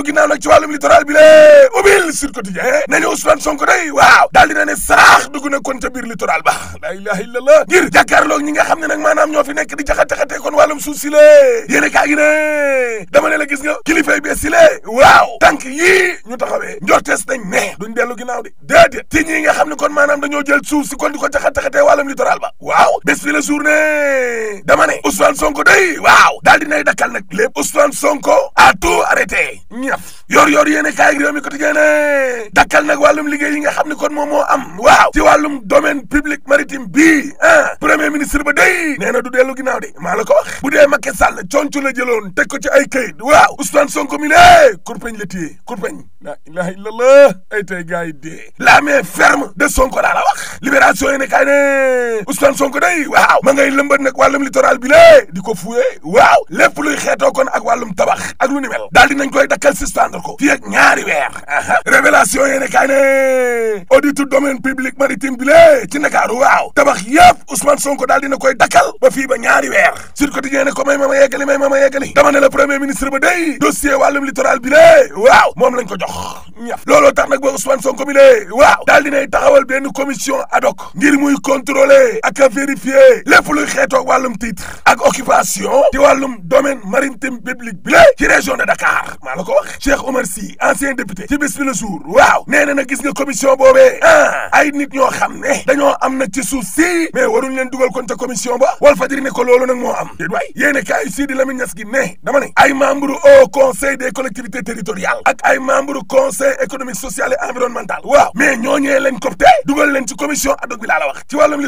dellu ginnaaw nag ci wàllum littoral bi lée ubil sur quotidien nañu Ousmane Sonko day waaw daal dina ne saraax dugg kon ca littoral ba la ilaha illallah ngir jàkkaarloog ñi nga xam ne nag maanaam ñoo fi nekk di jaxataxatee kon wàllum suuf si la yéene kaa gi ne dama ne la gis nga kilifay bee si lée waaw tànk yii ñu taxawee njortees nañ ne duñ dellu ginnaaw de déedéet ci ñi nga xam ne kon maanaam dañoo jël suuf si kon di ko jaxataxatee wàllum littoral la journée dama ne Ousmane Sonko day a ñuy def yor yor yéene kaay réew mi quotidien ne dakkal nag wàllum liggéey yi nga xam ne kon moom moo am waaw ci wàllum domaine public maritime bi ah premier ministre ba day nee na du dellu ginnaaw de maa la ko wax bu dee Macky Sall concu la jëloon teg ko ci ay kayit waaw Ousmane Sonko mi ne kurpeñ la téye kurpeñ la ilaha illallah ay tey gars yi la main ferme de Sonko laa la wax libération yéene kaay ne Ousmane Sonko day waaw ma ngay lëmbat nag wàllum littoral bi lé di ko fuye waaw lépp luy xeetoo kon ak wàllum tabax ak lu koy dakkal suspendre ko fii ak ñaari weer révélation yéene kaay ne audit domaine public maritime bi lée ci Ndakaaru waaw tabax yëpp Ousmane Sonko daal dina koy dakkal ba fii ba ñaari weer sur quotidien ne ko may ma ma yeggali may ma ma yeggali dama ne la premier ministre ba day dossier wàllum littoral bi waaw moom lañ ko jox ngir muy contrôler ak a vérifier lépp luy xeetoog wàllum ak occupation ci wàllum domaine maritime public bi lée ci de Dakar maa la ko Cheikh Omar Sy ancien député ci bés bi la jour waaw nee na nag gis nga commission boobee ah ay nit ñoo xam ne dañoo am nag ci suuf si mais waruñ leen dugal kon ca commission ba Walf Fadjri ne ko loolu nag moo am déet waay yéene kaay Sidi Lamine Niass gi ne dama ne ay membre au conseil des collectivités territoriales ak ay membre conseil économique social et environnemental waaw mais ñooñee leen copte dugal leen ci commission ad hoc bi laa la wax ci wàllum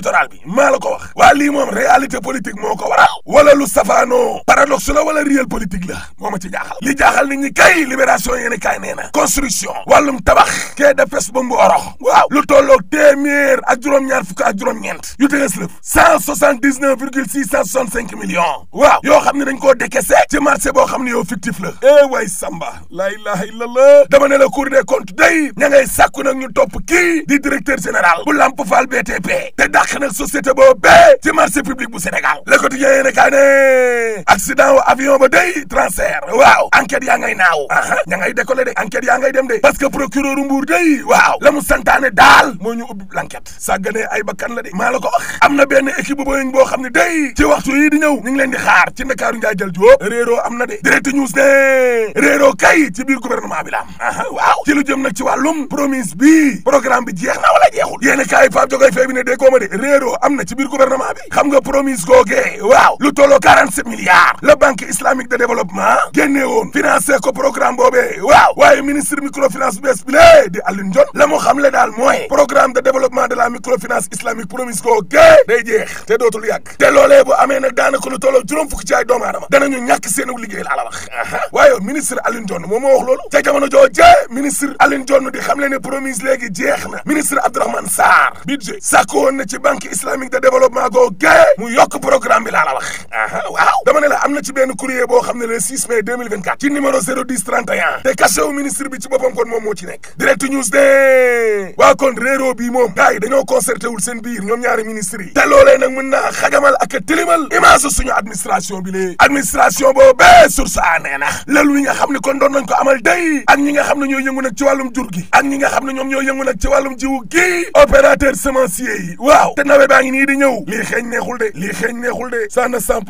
libération yéen kaay nee na construction wàllum tabax kee da fes waaw lu tolloog téeméer ak juróom-ñaar fukk ak juróom-ñeent yu tëgës lëf cent soixante-dix-neuf virgule six cent cinq million waaw yoo xam ne dañ koo décaissé ci marché boo xam ne yow fictif la eh waay samba laa ilaha illallah dama ne la cour des comptes day ña ngay sàkku nag ñu topp kii di directeur général bu Lamp Fall BTP te dàq nag société boobu bee ci marché public bu Sénégal le quotidien yéen kaay ne accident avion ba day yaa ngay naaw ah. aha ña ngay décoller de enquête yaa dem de parce que procureur Mbour day waaw la mu santaane daal moo ñu ubbi l'enquête sàgganee ay bakkan la de maa la ko wax na benn équipe Boeing boo xam ne day ci waxtu yi di ñëw ñu ngi leen di xaar ci ndakaaru njaay jël jóob réeroo am de direct news ne réeroo kay ci biir gouvernement bi la am aha waaw ci lu jëm nag ci wàllum promise bi programme bi jeex na wala jeexul yéena kaay Pape Jogoy Faye bi ne déggoo ma de réeroo am na ci biir xam nga promise googee waaw lu tolloo 47 milliards la banque islamique de développement génne woon programme boobee waaw waaye ministre microfinance bu bees bi lée di la mu xam daal mooy programme de développement de la microfinance islamique promise koo gée day jeex te dootul yàgg te loolee bu amee nag daanaka lu tolloo juróom fukki ci ay doomu aadama danañu ñàkk seenu liggéey la la wax waaye ministre Alioune Ndione moom moo loolu te jamono joojee ministre Alioune Ndione di xam ne promise léegi jeex na ministre Abdourahmane Sarr budget sàkku woon na ci banque islamique 31 te kasewu ministre bi ci boppam kon moom moo ci nekk direct news de waa kon réeroo bii moom gars dañoo concerté wul seen biir ñoom ñaari ministre yi te loolee nag mën naa xagamal ak a tilimal image suñu administration bi lee administration boo bee source a nee na lëlu yi nga xam ne kon doon nañ ko amal day ak ne ñoo yëngu nag ci wàllum jur gi ak ñi nga xam ne ñoom ñoo yëngu nag ci wàllum jiwu gi opérateur semencier yi waaw te nawet baa ngi nii di ñëw lii xeeñ neexul de lii xeeñ neexul ne sent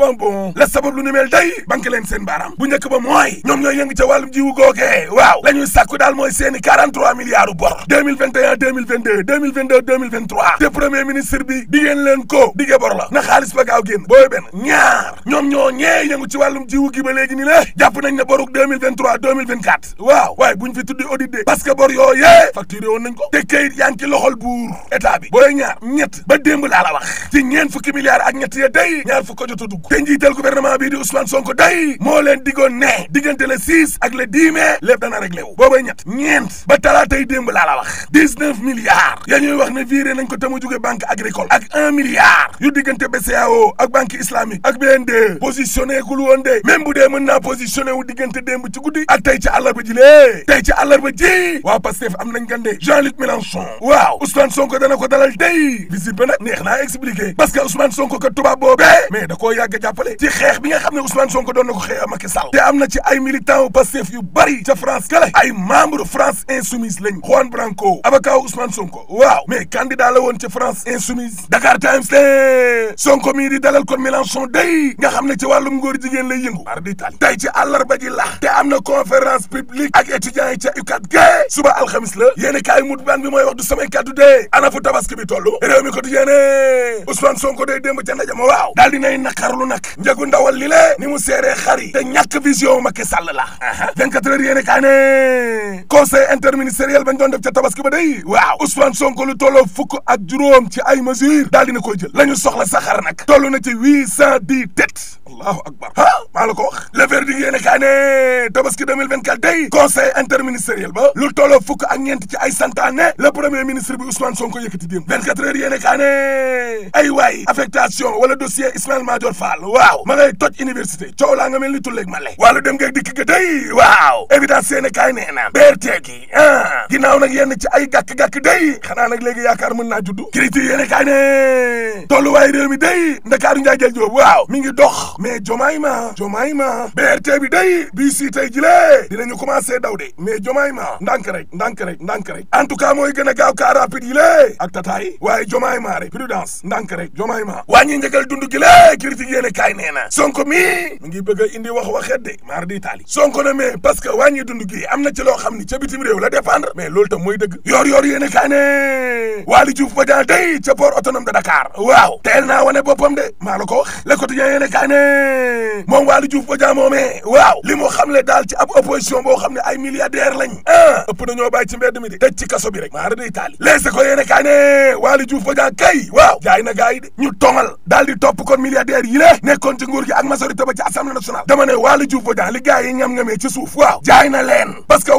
diw googee waaw la ñuy sàkku daal mooy seeni 43 milliards bor 2021 2022 2022 2023 te premier ministre bi diggéen leen ko diggee bor la na xaalis ba gaaw génn booy benn ñaar ñoom ñoo ñee yëngu ci wàllum jiwu gi ba léegi ni la jàpp nañ ne boruk 2023 2024 waaw waaye buñ fi tuddi audit de parce que bor yooyee facturé woon nañ ko te kayit yaa ngi ci loxol buur état bi booy ñaar ñett ba démb laa la wax ci ñeen fukki milliards ak ñett ya day ñaar fukk ko jot a dugg te njiital gouvernement bii di Ousmane Sonko day moo leen diggoon ne diggante le 6 ak le 10 mai lépp dana réglé wu boobay ñett ñeent ba talaatay démb laa la wax 19 milliards yaa ñuy wax ne viré nañ ko te mu jóge banque agricole ak 1 milliard yu diggante BCEAO ak banque islamique ak BND positionné gul woon de même bu dee mën naa positionné wu diggante démb ci guddi ak tey ci àllarba ji lee tey ci àllarba ji waa Pastef am nañ gande Jean-Luc Mélenchon waaw Ousmane Sonko dana ko dalal tey visite ba neex naa expliqué parce que Ousmane Sonko ka tubaab boobee mais da koo nga xam ne Ousmane Sonko doon na ko na ci ay militant yu bëri ca France kale ay membre France insoumise lañ Juan Branco avocat Ousmane Sonko waaw mais candidat la woon ca France insoumise Dakar Times te Sonko mii di dalal kon Mélenchon day nga xam ne ci wàllum ngóor jigéen lay yëngu ar di tali tey ci àllarba ji la te am na conférence publique ak étudiants ca UCAD ga suba alxamis la yéen i kaay mut baan bi mooy wax du samay kàddu dee ana fu tabaski bi toll réew mi ko di yéene Ousmane Sonko day démb ca ndaje ma waaw daal li le ni mu seeree xar yi te la 24 heures yéene kaa ne conseil interministériel bañ doon def ca tabaski ba day waaw Ousmane Sonko lu tolloo fukk ak juróom ci ay mesures daal dina jël la ñu soxla saxaar nag toll na ci 810 têtes allahu akbar ah maa la ko wax le verdict yéene kaa ne tabaski day conseil interministériel ba lu tolloo fukk ak ñeent ci ay santaane le premier ministre bi Ousmane Sonko yëkkati démb 24 heures yéene kaa ne ay waay affectation wala dossier Ismaïla Madior Fall waaw évidence seen kaay nee na BRT gi ah nag yenn ci ay gàkk-gàkk day xanaa nag léegi yaakaar mën naa juddu critique yéen kaay ne tolluwaay réew mi day ndakaaru njaay jël joob waaw mi ngi dox mais jomaay ma jomaay ma BRT bi day bii si tey jilee dinañu commencé daw de mais jomaay ma ndànk rek ndànk rek ndànk rek en tout cas mooy gën a gaaw car rapide yi lée ak tataay waaye jomaay ma rek prudence ndànk rek jomaay ma wàññi njëgal dund gi lée critique kaay nee sonko mi mi ngi bëgg a indi wax waxet de maar di taali sonko na mais parce que wàññi dund am na ci loo xam ni ca bitim réew la dépendre mais loolu tam mooy dëgg yoor yoor waaw teel naa wane boppam de maa la ko wax le quotidien yéene kaay ne moom Waly Diouf Bodiang moomee waaw li mu xamle daal ci opposition boo xam ne ay milliardaire lañ ah ëpp nañoo bàyyi ci mbedd mi de tëj ci kaso bi rek maara day taali leese ko yéene kaay ne Waly Diouf kay waaw jaay na gars ñu tongal daal di topp kon milliardaire yi nekkoon ci nguur gi ak majorité ba ci assemblée nationale dama ne Waly Diouf li gars yi ñam-ñamee ci suuf waaw jaay na leen parce que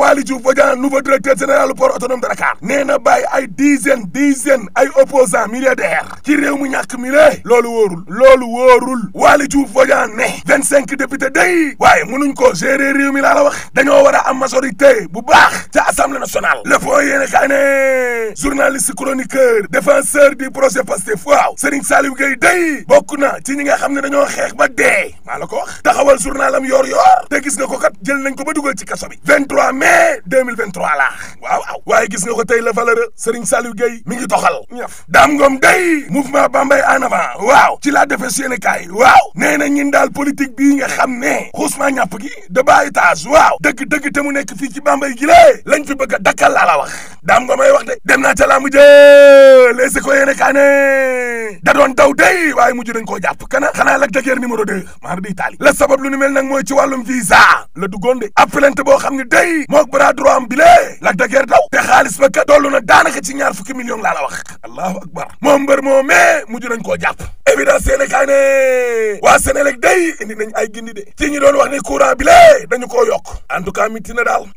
mu ñàkk mi lé loolu wóorul loolu wóorul Waly Diouf Bodiang ne vingt cinq député day waaye mënuñ koo gérer mi la wax dañoo war a am majorité bu baax ca assemblée nationale le fond yéene kaay ne journaliste chroniqueur défenseur du projet Pastef waaw Serigne Saliou Gueye day bokk na ci xam ne dañoo xeex ba dee maa la ko wax taxawal journal am yoor yoor te gis ko kat jël nañ ko ba dugal ci kaso bi 23 mai 2023 laa waaw waaw waaye gis ko tey la valeur Bambey en avant waaw ci laa defee seen kaay waaw ne na ñun daal politique bii nga xam ne xuusmaa ñàpp gi de bas waaw dëgg dëgg te mu nekk fii ci Bambey gi lée lañ fi bëgg a dakkal laa la wax daam nga may wax de dem naa ca laa mujj les écoles yéene kaa ne da doon daw day waaye mujj dañ koo jàpp kana xanaa lak dëgër numéro deux maar di taali la sabab lu ni mel nag mooy ci wàllum visa la duggoon de ab plainte boo xam ne day mook bras droit am bi lée lak dëgër daw xaalis ba kat toll na daanaka ci ñaar fukki million laa la wax allahu akbar moom mbër moo mee mujj nañ koo jàpp évidence yéene kaay ne waa Sénélec day indi nañ ay gindi de ci ñi doon wax ni courant bi lee dañu koo yokk en tout cas mitti na daal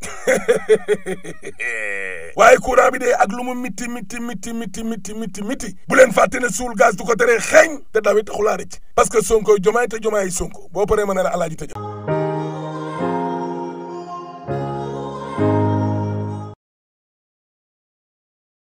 waaye courant bi de ak lu mu mitti mitti mitti mitti mitti mitti mitti bu leen fàtte ne suul gaz du ko teree xeeñ te dawit xulaa rëcc parce que Sonko jomaay te jomaay Sonko boo paree ma ne la alaaji tëj